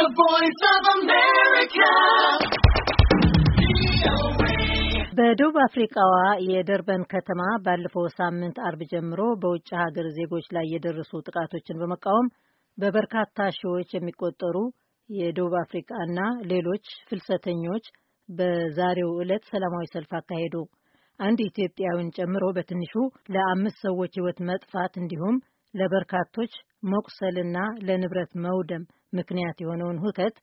The Voice of America. በደቡብ አፍሪካዋ የደርበን ከተማ ባለፈው ሳምንት አርብ ጀምሮ በውጭ ሀገር ዜጎች ላይ የደረሱ ጥቃቶችን በመቃወም በበርካታ ሺዎች የሚቆጠሩ የደቡብ አፍሪካና ሌሎች ፍልሰተኞች በዛሬው ዕለት ሰላማዊ ሰልፍ አካሄዱ። አንድ ኢትዮጵያዊን ጨምሮ በትንሹ ለአምስት ሰዎች ሕይወት መጥፋት እንዲሁም ለበርካቶች መቁሰልና ለንብረት መውደም ምክንያት የሆነውን ሁከት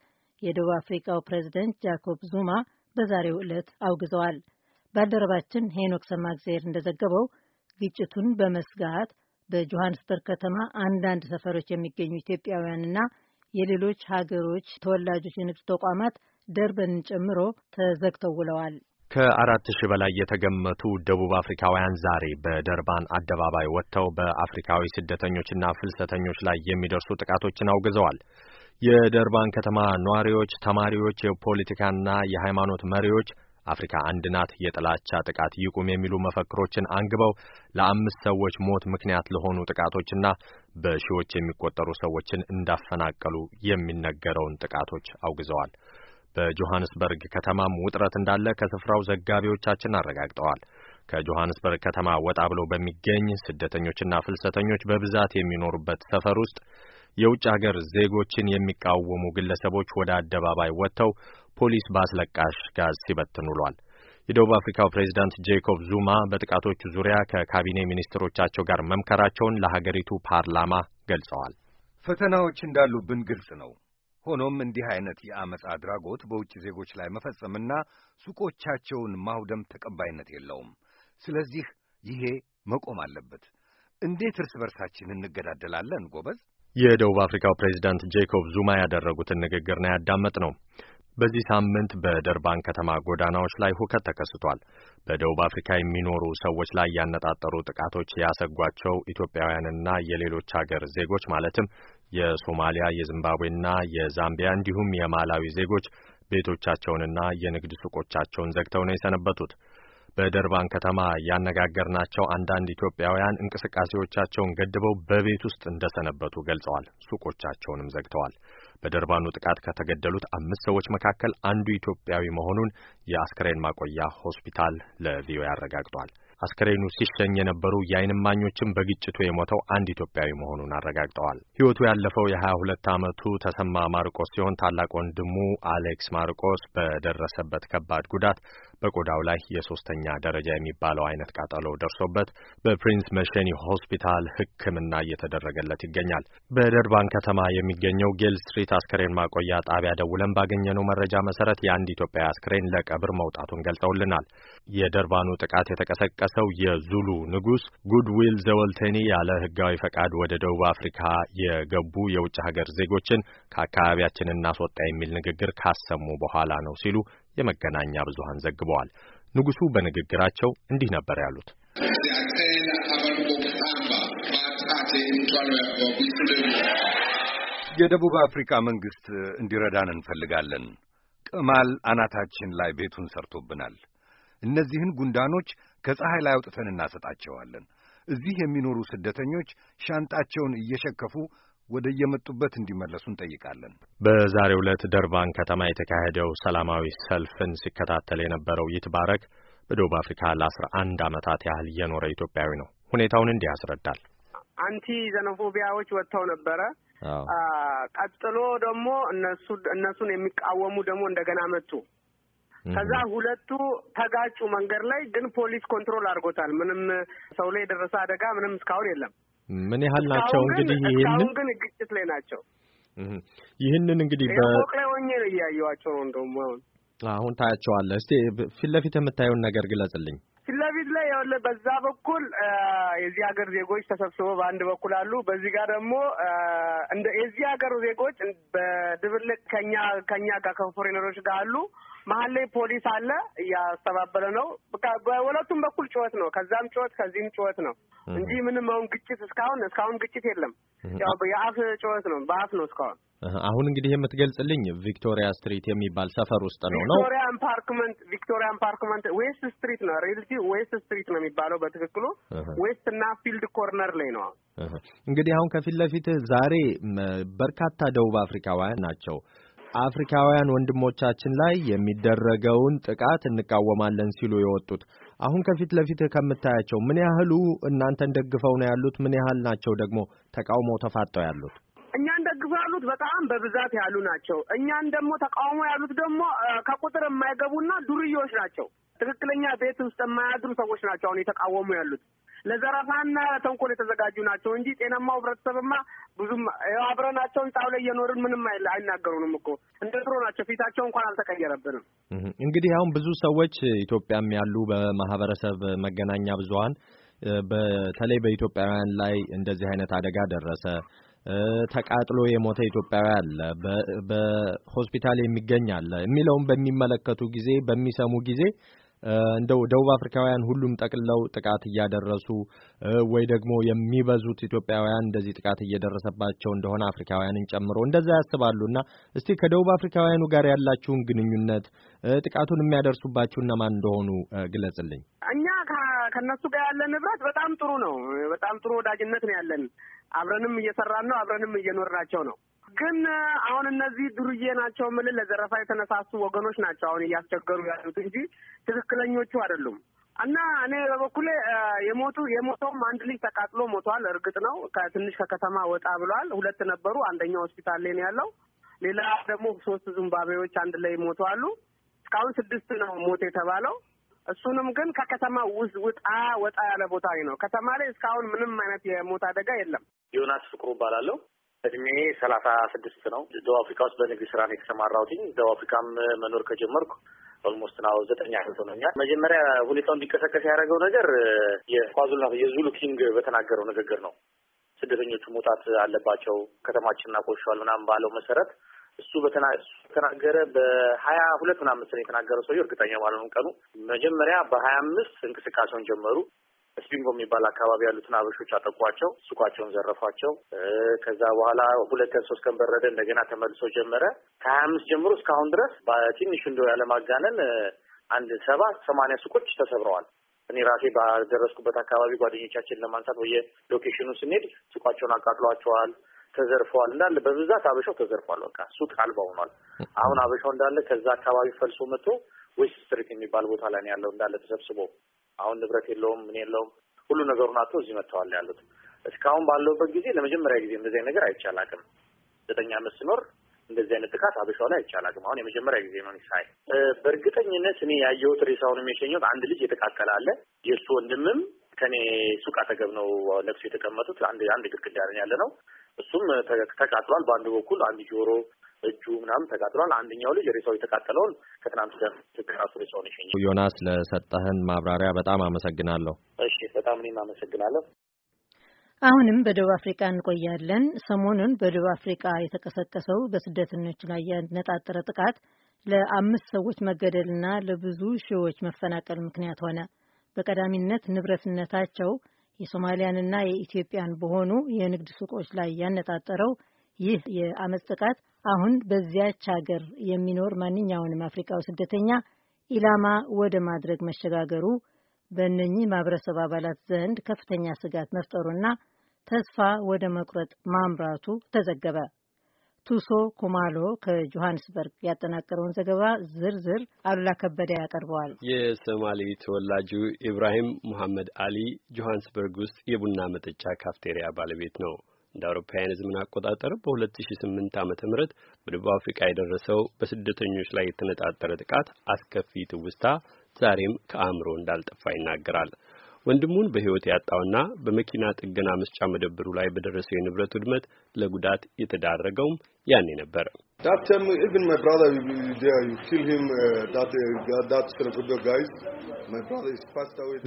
የደቡብ አፍሪካው ፕሬዝዳንት ጃኮብ ዙማ በዛሬው ዕለት አውግዘዋል። ባልደረባችን ሄኖክ ሰማግዜር እንደዘገበው ግጭቱን በመስጋት በጆሃንስበርግ ከተማ አንዳንድ ሰፈሮች የሚገኙ ኢትዮጵያውያንና የሌሎች ሀገሮች ተወላጆች የንግድ ተቋማት ደርበንን ጨምሮ ተዘግተው ውለዋል። ከአራት ሺህ በላይ የተገመቱ ደቡብ አፍሪካውያን ዛሬ በደርባን አደባባይ ወጥተው በአፍሪካዊ ስደተኞችና ፍልሰተኞች ላይ የሚደርሱ ጥቃቶችን አውግዘዋል። የደርባን ከተማ ነዋሪዎች፣ ተማሪዎች፣ የፖለቲካና የሃይማኖት መሪዎች አፍሪካ አንድ ናት፣ የጥላቻ ጥቃት ይቁም የሚሉ መፈክሮችን አንግበው ለአምስት ሰዎች ሞት ምክንያት ለሆኑ ጥቃቶችና በሺዎች የሚቆጠሩ ሰዎችን እንዳፈናቀሉ የሚነገረውን ጥቃቶች አውግዘዋል። በጆሐንስበርግ ከተማም ውጥረት እንዳለ ከስፍራው ዘጋቢዎቻችን አረጋግጠዋል። ከጆሐንስበርግ ከተማ ወጣ ብሎ በሚገኝ ስደተኞችና ፍልሰተኞች በብዛት የሚኖሩበት ሰፈር ውስጥ የውጭ ሀገር ዜጎችን የሚቃወሙ ግለሰቦች ወደ አደባባይ ወጥተው ፖሊስ በአስለቃሽ ጋዝ ሲበትን ውሏል። የደቡብ አፍሪካው ፕሬዚዳንት ጄኮብ ዙማ በጥቃቶቹ ዙሪያ ከካቢኔ ሚኒስትሮቻቸው ጋር መምከራቸውን ለሀገሪቱ ፓርላማ ገልጸዋል። ፈተናዎች እንዳሉብን ግልጽ ነው። ሆኖም እንዲህ አይነት የአመፅ አድራጎት በውጭ ዜጎች ላይ መፈጸምና ሱቆቻቸውን ማውደም ተቀባይነት የለውም። ስለዚህ ይሄ መቆም አለበት። እንዴት እርስ በርሳችን እንገዳደላለን? ጎበዝ የደቡብ አፍሪካው ፕሬዚዳንት ጄኮብ ዙማ ያደረጉትን ንግግር ነው ያዳመጥ ነው። በዚህ ሳምንት በደርባን ከተማ ጎዳናዎች ላይ ሁከት ተከስቷል። በደቡብ አፍሪካ የሚኖሩ ሰዎች ላይ ያነጣጠሩ ጥቃቶች ያሰጓቸው ኢትዮጵያውያንና የሌሎች ሀገር ዜጎች ማለትም የሶማሊያ፣ የዚምባብዌና የዛምቢያ እንዲሁም የማላዊ ዜጎች ቤቶቻቸውንና የንግድ ሱቆቻቸውን ዘግተው ነው የሰነበቱት። በደርባን ከተማ ያነጋገርናቸው አንዳንድ ኢትዮጵያውያን እንቅስቃሴዎቻቸውን ገድበው በቤት ውስጥ እንደሰነበቱ ገልጸዋል። ሱቆቻቸውንም ዘግተዋል። በደርባኑ ጥቃት ከተገደሉት አምስት ሰዎች መካከል አንዱ ኢትዮጵያዊ መሆኑን የአስከሬን ማቆያ ሆስፒታል ለቪኦኤ አረጋግጧል። አስከሬኑ ሲሸኝ የነበሩ የአይን እማኞችም በግጭቱ የሞተው አንድ ኢትዮጵያዊ መሆኑን አረጋግጠዋል። ሕይወቱ ያለፈው የ22 ዓመቱ ተሰማ ማርቆስ ሲሆን ታላቅ ወንድሙ አሌክስ ማርቆስ በደረሰበት ከባድ ጉዳት በቆዳው ላይ የሶስተኛ ደረጃ የሚባለው አይነት ቃጠሎ ደርሶበት በፕሪንስ መሸኒ ሆስፒታል ሕክምና እየተደረገለት ይገኛል። በደርባን ከተማ የሚገኘው ጌል ስትሪት አስከሬን ማቆያ ጣቢያ ደውለን ባገኘነው መረጃ መሰረት የአንድ ኢትዮጵያዊ አስክሬን ለቀብር መውጣቱን ገልጸውልናል። የደርባኑ ጥቃት የተቀሰቀሰ የደረሰው የዙሉ ንጉስ ጉድዊል ዘወልተኒ ያለ ህጋዊ ፈቃድ ወደ ደቡብ አፍሪካ የገቡ የውጭ ሀገር ዜጎችን ከአካባቢያችን እናስወጣ የሚል ንግግር ካሰሙ በኋላ ነው ሲሉ የመገናኛ ብዙሀን ዘግበዋል። ንጉሱ በንግግራቸው እንዲህ ነበር ያሉት። የደቡብ አፍሪካ መንግስት እንዲረዳን እንፈልጋለን። ቅማል አናታችን ላይ ቤቱን ሰርቶብናል። እነዚህን ጉንዳኖች ከፀሐይ ላይ አውጥተን እናሰጣቸዋለን። እዚህ የሚኖሩ ስደተኞች ሻንጣቸውን እየሸከፉ ወደ የመጡበት እንዲመለሱ እንጠይቃለን። በዛሬ ዕለት ደርባን ከተማ የተካሄደው ሰላማዊ ሰልፍን ሲከታተል የነበረው ይትባረክ በደቡብ አፍሪካ ለአስራ አንድ ዓመታት ያህል እየኖረ ኢትዮጵያዊ ነው። ሁኔታውን እንዲህ ያስረዳል። አንቲ ዘኖፎቢያዎች ወጥተው ነበረ። ቀጥሎ ደግሞ እነሱ እነሱን የሚቃወሙ ደግሞ እንደገና መጡ። ከዛ ሁለቱ ተጋጩ መንገድ ላይ ግን ፖሊስ ኮንትሮል አድርጎታል። ምንም ሰው ላይ የደረሰ አደጋ ምንም እስካሁን የለም። ምን ያህል ናቸው እንግዲህ ይህንን ግን ግጭት ላይ ናቸው። ይህንን እንግዲህ በቅ ላይ ሆኜ ነው እያየኋቸው ነው። እንደውም አሁን አሁን ታያቸዋለህ። እስቲ ፊት ለፊት የምታየውን ነገር ግለጽልኝ። ፊት ለፊት ላይ ያለ በዛ በኩል የዚህ ሀገር ዜጎች ተሰብስበው በአንድ በኩል አሉ። በዚህ ጋር ደግሞ እንደ የዚህ ሀገር ዜጎች በድብልቅ ከኛ ከኛ ጋር ከፎሬነሮች ጋር አሉ። መሀል ላይ ፖሊስ አለ እያስተባበለ ነው። በሁለቱም በኩል ጩኸት ነው። ከዛም ጩኸት ከዚህም ጩኸት ነው እንጂ ምንም አሁን ግጭት እስካሁን እስካሁን ግጭት የለም። ያው የአፍ ጩኸት ነው፣ በአፍ ነው እስካሁን። አሁን እንግዲህ የምትገልጽልኝ ቪክቶሪያ ስትሪት የሚባል ሰፈር ውስጥ ነው ነው ቪክቶሪያ ፓርክመንት ቪክቶሪያ ፓርክመንት ዌስት ስትሪት ነው ሪልቲ ዌስት ስትሪት ነው የሚባለው በትክክሉ ዌስት እና ፊልድ ኮርነር ላይ ነው። እንግዲህ አሁን ከፊት ለፊት ዛሬ በርካታ ደቡብ አፍሪካውያን ናቸው አፍሪካውያን ወንድሞቻችን ላይ የሚደረገውን ጥቃት እንቃወማለን ሲሉ የወጡት አሁን ከፊት ለፊት ከምታያቸው ምን ያህሉ እናንተን ደግፈው ነው ያሉት? ምን ያህል ናቸው ደግሞ ተቃውሞ ተፋጠው ያሉት? እኛን ደግፈው ያሉት በጣም በብዛት ያሉ ናቸው። እኛን ደግሞ ተቃውሞ ያሉት ደግሞ ከቁጥር የማይገቡና ዱርዮች ናቸው። ትክክለኛ ቤት ውስጥ የማያድሩ ሰዎች ናቸው አሁን የተቃወሙ ያሉት። ለዘረፋና ተንኮል የተዘጋጁ ናቸው እንጂ ጤናማው ህብረተሰብማ ብዙም አብረናቸውን ጣው ላይ እየኖርን ምንም አይናገሩንም እኮ እንደ ድሮ ናቸው። ፊታቸው እንኳን አልተቀየረብንም። እንግዲህ አሁን ብዙ ሰዎች ኢትዮጵያም ያሉ በማህበረሰብ መገናኛ ብዙሀን በተለይ በኢትዮጵያውያን ላይ እንደዚህ አይነት አደጋ ደረሰ ተቃጥሎ የሞተ ኢትዮጵያዊ አለ፣ በሆስፒታል የሚገኝ አለ የሚለውን በሚመለከቱ ጊዜ በሚሰሙ ጊዜ እንደው ደቡብ አፍሪካውያን ሁሉም ጠቅለው ጥቃት እያደረሱ ወይ ደግሞ የሚበዙት ኢትዮጵያውያን እንደዚህ ጥቃት እየደረሰባቸው እንደሆነ አፍሪካውያንን ጨምሮ እንደዛ ያስባሉ። እና እስቲ ከደቡብ አፍሪካውያኑ ጋር ያላችሁን ግንኙነት ጥቃቱን የሚያደርሱባችሁ እነማን እንደሆኑ ግለጽልኝ። እኛ ከነሱ ጋር ያለን ንብረት በጣም ጥሩ ነው። በጣም ጥሩ ወዳጅነት ነው ያለን። አብረንም እየሰራን ነው። አብረንም እየኖርናቸው ነው። ግን አሁን እነዚህ ዱርዬ ናቸው ምል ለዘረፋ የተነሳሱ ወገኖች ናቸው አሁን እያስቸገሩ ያሉት እንጂ ትክክለኞቹ አይደሉም። እና እኔ በበኩሌ የሞቱ የሞተውም አንድ ልጅ ተቃጥሎ ሞቷል። እርግጥ ነው ከትንሽ ከከተማ ወጣ ብሏል። ሁለት ነበሩ። አንደኛው ሆስፒታል ላይ ነው ያለው። ሌላ ደግሞ ሶስት ዙምባቤዎች አንድ ላይ አሉ። እስካሁን ስድስት ነው ሞት የተባለው። እሱንም ግን ከከተማ ውስጥ ውጣ ወጣ ያለ ቦታ ነው። ከተማ ላይ እስካሁን ምንም አይነት የሞት አደጋ የለም። ዮናስ ፍቅሩ እባላለሁ። እድሜ ሰላሳ ስድስት ነው። ደቡብ አፍሪካ ውስጥ በንግድ ስራ ነው የተሰማራሁትኝ። ደቡብ አፍሪካም መኖር ከጀመርኩ ኦልሞስት ናው ዘጠኝ ዓመት ሆኖኛል። መጀመሪያ ሁኔታው እንዲቀሰቀስ ያደረገው ነገር የኳዙልና የዙሉ ኪንግ በተናገረው ንግግር ነው። ስደተኞቹ መውጣት አለባቸው ከተማችንን አቆሸዋል ምናምን ባለው መሰረት እሱ በተናገረ በሀያ ሁለት ምናምን መሰለኝ የተናገረው ሰውዬው እርግጠኛ ባልሆንም ቀኑ መጀመሪያ በሀያ አምስት እንቅስቃሴውን ጀመሩ። ስፒንጎ የሚባል አካባቢ ያሉትን አበሾች አጠቋቸው፣ ሱቃቸውን ዘረፏቸው። ከዛ በኋላ ሁለት ቀን ሶስት ቀን በረደ፣ እንደገና ተመልሶ ጀመረ። ከሀያ አምስት ጀምሮ እስካሁን ድረስ በትንሽ እንደ ያለማጋነን አንድ ሰባ ሰማንያ ሱቆች ተሰብረዋል። እኔ ራሴ ባደረስኩበት አካባቢ ጓደኞቻችን ለማንሳት ወየ ሎኬሽኑ ስንሄድ ሱቃቸውን አቃጥሏቸዋል፣ ተዘርፈዋል። እንዳለ በብዛት አበሻው ተዘርፏል። በቃ ሱቅ አልባ ሆኗል። አሁን አበሻው እንዳለ ከዛ አካባቢ ፈልሶ መጥቶ ዌስት ስትሪት የሚባል ቦታ ላይ ያለው እንዳለ ተሰብስቦ አሁን ንብረት የለውም ምን የለውም ሁሉ ነገሩን አቶ እዚህ መጥተዋል ያሉት። እስካሁን ባለውበት ጊዜ ለመጀመሪያ ጊዜ እንደዚህ ነገር አይቻላቅም ዘጠኝ አመት ስኖር እንደዚህ አይነት ጥቃት አበሻው ላይ አይቻላቅም። አሁን የመጀመሪያ ጊዜ ነው ሳይ። በእርግጠኝነት እኔ ያየሁት ሬሳውን የሚያሸኘት አንድ ልጅ የተቃጠለ አለ። የእሱ ወንድምም ከኔ ሱቅ አጠገብ ነው ለቅሶ የተቀመጡት። አንድ አንድ ግድግዳ ያለ ነው። እሱም ተቃጥሏል። በአንድ በኩል አንድ ጆሮ እጁ ምናምን ተቃጥሏል። አንደኛው ልጅ ሬሳው የተቃጠለውን ከትናንት ስጋ ራሱ ሬሳውን የሸኘ። ዮናስ ለሰጠህን ማብራሪያ በጣም አመሰግናለሁ። እሺ በጣም እኔም አመሰግናለሁ። አሁንም በደቡብ አፍሪካ እንቆያለን። ሰሞኑን በደቡብ አፍሪካ የተቀሰቀሰው በስደተኞች ላይ ያነጣጠረ ጥቃት ለአምስት ሰዎች መገደልና ለብዙ ሺዎች መፈናቀል ምክንያት ሆነ። በቀዳሚነት ንብረትነታቸው የሶማሊያንና የኢትዮጵያን በሆኑ የንግድ ሱቆች ላይ ያነጣጠረው ይህ የአመፅ ጥቃት አሁን በዚያች ሀገር የሚኖር ማንኛውንም አፍሪካዊ ስደተኛ ኢላማ ወደ ማድረግ መሸጋገሩ በእነኚህ ማህበረሰብ አባላት ዘንድ ከፍተኛ ስጋት መፍጠሩና ተስፋ ወደ መቁረጥ ማምራቱ ተዘገበ። ቱሶ ኩማሎ ከጆሃንስበርግ ያጠናቀረውን ዘገባ ዝርዝር አሉላ ከበደ ያቀርበዋል። የሶማሌ ተወላጁ ኢብራሂም ሙሐመድ አሊ ጆሃንስበርግ ውስጥ የቡና መጠጫ ካፍቴሪያ ባለቤት ነው። እንደ አውሮፓውያን ዘመን አቆጣጠር በ2008 ም በደቡብ አፍሪካ የደረሰው በስደተኞች ላይ የተነጣጠረ ጥቃት አስከፊ ትውስታ ዛሬም ከአእምሮ እንዳልጠፋ ይናገራል። ወንድሙን በሕይወት ያጣውና በመኪና ጥገና መስጫ መደብሩ ላይ በደረሰው የንብረት ውድመት ለጉዳት የተዳረገውም ያኔ ነበር።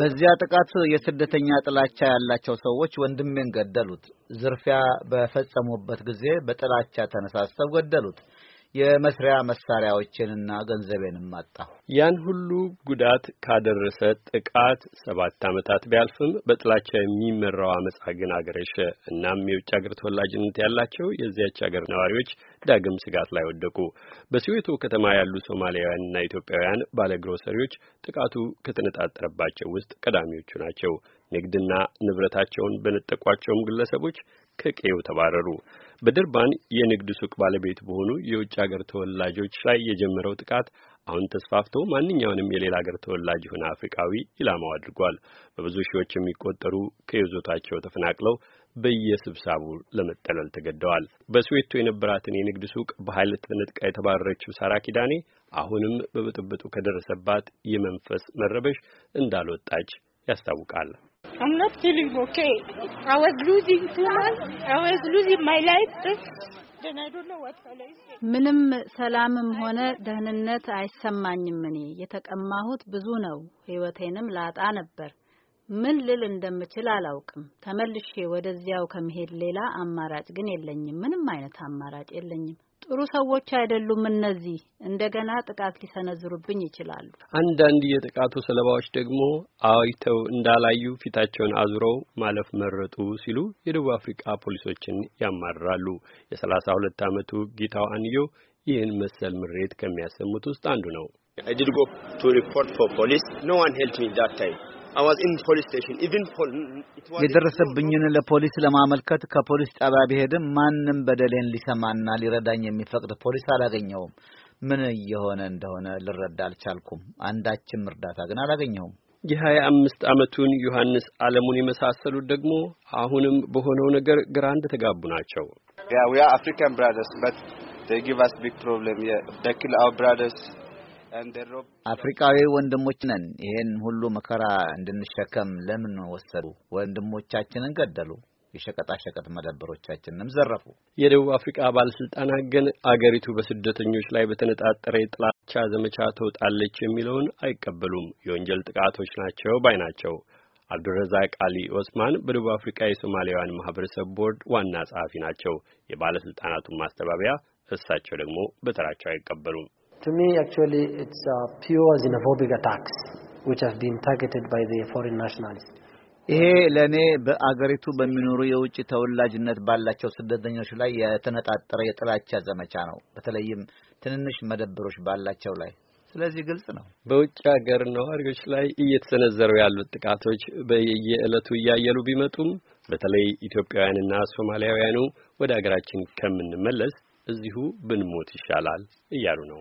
በዚያ ጥቃት የስደተኛ ጥላቻ ያላቸው ሰዎች ወንድሜን ገደሉት። ዝርፊያ በፈጸሙበት ጊዜ በጥላቻ ተነሳስተው ገደሉት። የመስሪያ መሳሪያዎችንና ገንዘቤንም አጣሁ። ያን ሁሉ ጉዳት ካደረሰ ጥቃት ሰባት ዓመታት ቢያልፍም በጥላቻ የሚመራው አመፃ ግን አገረሸ። እናም የውጭ ሀገር ተወላጅነት ያላቸው የዚያች ሀገር ነዋሪዎች ዳግም ስጋት ላይ ወደቁ። በሲዌቶ ከተማ ያሉ ሶማሊያውያንና ኢትዮጵያውያን ባለግሮሰሪዎች ጥቃቱ ከተነጣጠረባቸው ውስጥ ቀዳሚዎቹ ናቸው። ንግድና ንብረታቸውን በነጠቋቸውም ግለሰቦች ከቀዬው ተባረሩ። በድርባን የንግድ ሱቅ ባለቤት በሆኑ የውጭ ሀገር ተወላጆች ላይ የጀመረው ጥቃት አሁን ተስፋፍቶ ማንኛውንም የሌላ ሀገር ተወላጅ የሆነ አፍሪካዊ ኢላማው አድርጓል። በብዙ ሺዎች የሚቆጠሩ ከይዞታቸው ተፈናቅለው በየስብሳቡ ለመጠለል ተገደዋል። በስዌቶ የነበራትን የንግድ ሱቅ በኃይል ተነጥቃ የተባረረችው ሳራ ኪዳኔ አሁንም በብጥብጡ ከደረሰባት የመንፈስ መረበሽ እንዳልወጣች ያስታውቃል። I'm not feeling okay. I was losing too much. I was losing my life. ምንም ሰላምም ሆነ ደህንነት አይሰማኝም። እኔ የተቀማሁት ብዙ ነው። ህይወቴንም ላጣ ነበር። ምን ልል እንደምችል አላውቅም። ተመልሼ ወደዚያው ከመሄድ ሌላ አማራጭ ግን የለኝም። ምንም አይነት አማራጭ የለኝም። ጥሩ ሰዎች አይደሉም እነዚህ፣ እንደገና ጥቃት ሊሰነዝሩብኝ ይችላሉ። አንዳንድ የጥቃቱ ሰለባዎች ደግሞ አይተው እንዳላዩ ፊታቸውን አዙረው ማለፍ መረጡ ሲሉ የደቡብ አፍሪካ ፖሊሶችን ያማርራሉ። የሰላሳ ሁለት ዓመቱ ጌታው አንዮ ይህን መሰል ምሬት ከሚያሰሙት ውስጥ አንዱ ነው። የደረሰብኝን ለፖሊስ ለማመልከት ከፖሊስ ጣቢያ ብሄድም ማንም በደሌን ሊሰማና ሊረዳኝ የሚፈቅድ ፖሊስ አላገኘውም። ምን እየሆነ እንደሆነ ልረዳ አልቻልኩም። አንዳችም እርዳታ ግን አላገኘሁም። የሀያ አምስት ዓመቱን ዮሐንስ አለሙን የመሳሰሉት ደግሞ አሁንም በሆነው ነገር ግራ እንደተጋቡ ናቸው። ያ አፍሪካን ብራደርስ በት ጊቭ አስ ቢግ ፕሮብለም ደክል አወር ብራደርስ አፍሪካዊ ወንድሞች ነን። ይሄን ሁሉ መከራ እንድንሸከም ለምን ወሰዱ? ወንድሞቻችንን ገደሉ። የሸቀጣ ሸቀጥ መደብሮቻችንንም ዘረፉ። የደቡብ አፍሪካ ባለስልጣናት ግን አገሪቱ በስደተኞች ላይ በተነጣጠረ የጥላቻ ዘመቻ ተውጣለች የሚለውን አይቀበሉም። የወንጀል ጥቃቶች ናቸው ባይ ናቸው። አብዱረዛቅ አሊ ኦስማን በደቡብ አፍሪካ የሶማሊያውያን ማህበረሰብ ቦርድ ዋና ጸሐፊ ናቸው። የባለስልጣናቱን ማስተባበያ እሳቸው ደግሞ በተራቸው አይቀበሉም። To me, actually, it's uh, pure xenophobic attacks which have been targeted by the foreign nationalists. ይሄ ለእኔ በአገሪቱ በሚኖሩ የውጭ ተወላጅነት ባላቸው ስደተኞች ላይ የተነጣጠረ የጥላቻ ዘመቻ ነው፣ በተለይም ትንንሽ መደብሮች ባላቸው ላይ። ስለዚህ ግልጽ ነው፣ በውጭ ሀገር ነዋሪዎች ላይ እየተሰነዘሩ ያሉት ጥቃቶች በየዕለቱ እያየሉ ቢመጡም በተለይ ኢትዮጵያውያንና ሶማሊያውያኑ ወደ አገራችን ከምንመለስ እዚሁ ብንሞት ይሻላል እያሉ ነው።